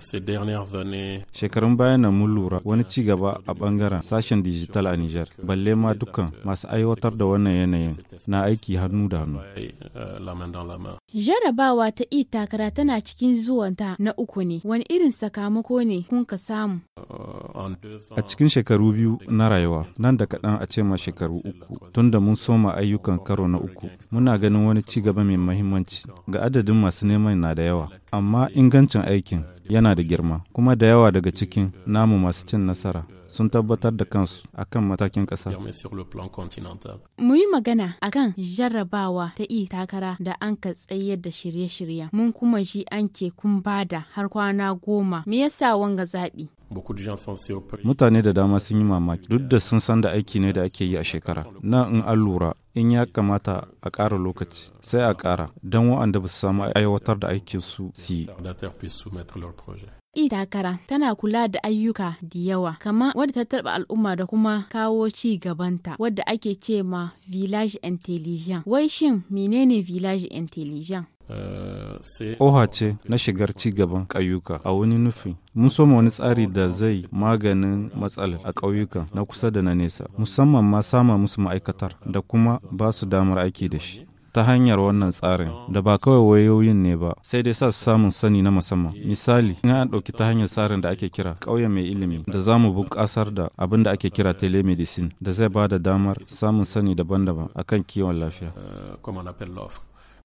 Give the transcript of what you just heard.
Shekarun bayan na mun lura wani ci gaba a bangaren sashen dijital a Nijar, balle ma dukkan masu aiwatar da wannan yanayin na aiki hannu da hannu. Euh, Jarabawa ta i takara tana cikin zuwanta na uku ne, wani irin sakamako ne kun ka samu? Euh, a cikin shekaru biyu na rayuwa, nan da kaɗan a ce ma shekaru uku, tun da mun soma ayyukan karo na uku, muna ganin wani ci gaba mai mahimmanci ga adadin masu neman na da yawa, amma ingancin aikin yana da girma kuma da yawa daga cikin namu masu cin nasara sun tabbatar da kansu akan matakin ƙasa. Mu yi magana a kan jarrabawa ta iya takara da an ka tsayar da shirye-shiryen mun kuma shi an ke kun bada har kwana goma me yasa wanga zaɓi. Mutane da dama sun yi mamaki duk da sun san da aiki ne da ake yi a shekara. Na in an lura in ya kamata a ƙara lokaci sai a ƙara don waɗanda ba su samu aiwatar da aikin su Ita takara tana kula da ayyuka da yawa, kama wadda ta taɓa al'umma da kuma kawo ci gabanta, wadda ake ce ma Village Intelligent. Wai shin menene Village Intelligent? Oha ce na shigar cigaban ƙauyuka a wani nufi. Mun so wani tsari da zai maganin matsalar a ƙauyuka na kusa da na nesa, musamman ma sama musu ma'aikatar da kuma ba su damar aiki da shi. ta hanyar wannan tsarin da ba kawai wayoyin ne ba sai dai sa su samun sani na musamman misali in an ɗauki ta hanyar tsarin da ake kira ƙauye mai ilimi da za mu bunƙasar da abin da ake kira telemedicine da zai ba da damar samun sani daban-daban akan kiwon lafiya eh,